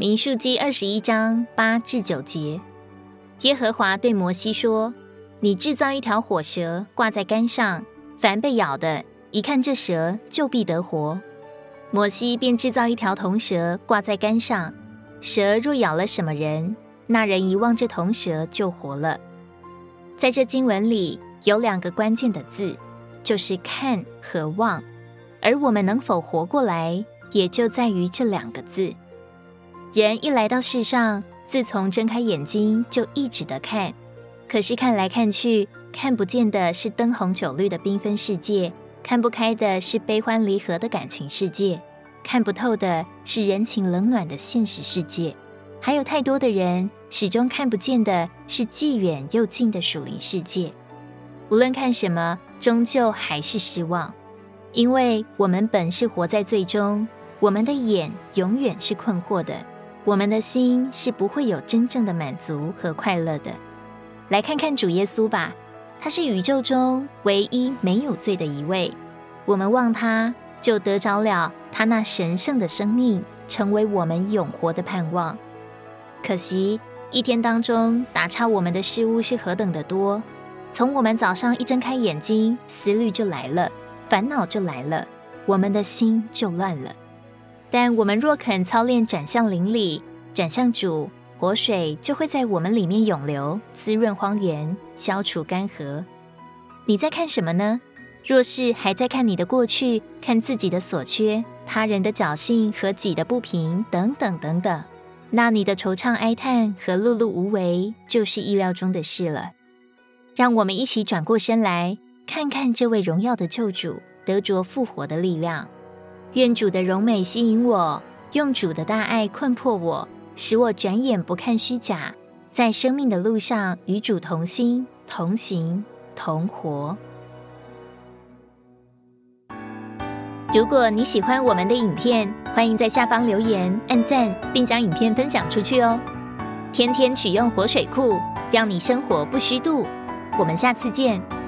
民數記二十一章八至九節，耶和華對摩西說：“你製造一條火蛇，掛在杆上，凡被咬的，一看這蛇就必得活。”摩西便製造一條銅蛇掛在杆上，蛇若咬了什麼人，那人一望這銅蛇就活了。在這經文裡有兩個關鍵的字，就是‘看’和‘望’，而我們能否活過來，也就在於這兩個字。人一來到世上，自從睜開眼睛就一直的看，可是看來看去，看不見的是燈紅酒綠的繽紛世界，看不開的是悲歡離合的感情世界，看不透的是人情冷暖的現實世界，還有太多的人始終看不見的是既遠又近的屬靈世界。無論看什麼，終究還是失望，因為我們本是活在罪中，我們的眼永遠是困惑的。我們的心是不會有真正的滿足和快樂的。來看看主耶穌吧，他是宇宙中唯一沒有罪的一位。我們望他，就得着了他那神聖的生命，成為我們永活的盼望。可惜，一天當中打岔我們的事物是何等的多！從我們早上一睜開眼睛，思慮就來了，煩惱就來了，我們的心就亂了。但我們若肯操練轉向靈裡，轉向主，活水就會在我們裡面湧流，滋潤荒原，消除乾涸。你在看什麼呢？若是還在看你的過去，看自己的所缺，他人的僥倖和己的不平等等等等，那你的惆悵哀嘆和碌碌無為就是意料中的事了。讓我們一起轉過身來，看看這位榮耀的救主，得着復活的力量。願主的榮美吸引我，用主的大愛困迫我，使我轉眼不看虛假，在生命的路上與主同心同行同活。如果你喜歡我們的影片，歡迎在下方留言、按讚，並將影片分享出去哦！天天取用活水庫，讓你生活不虛度。我們下次見。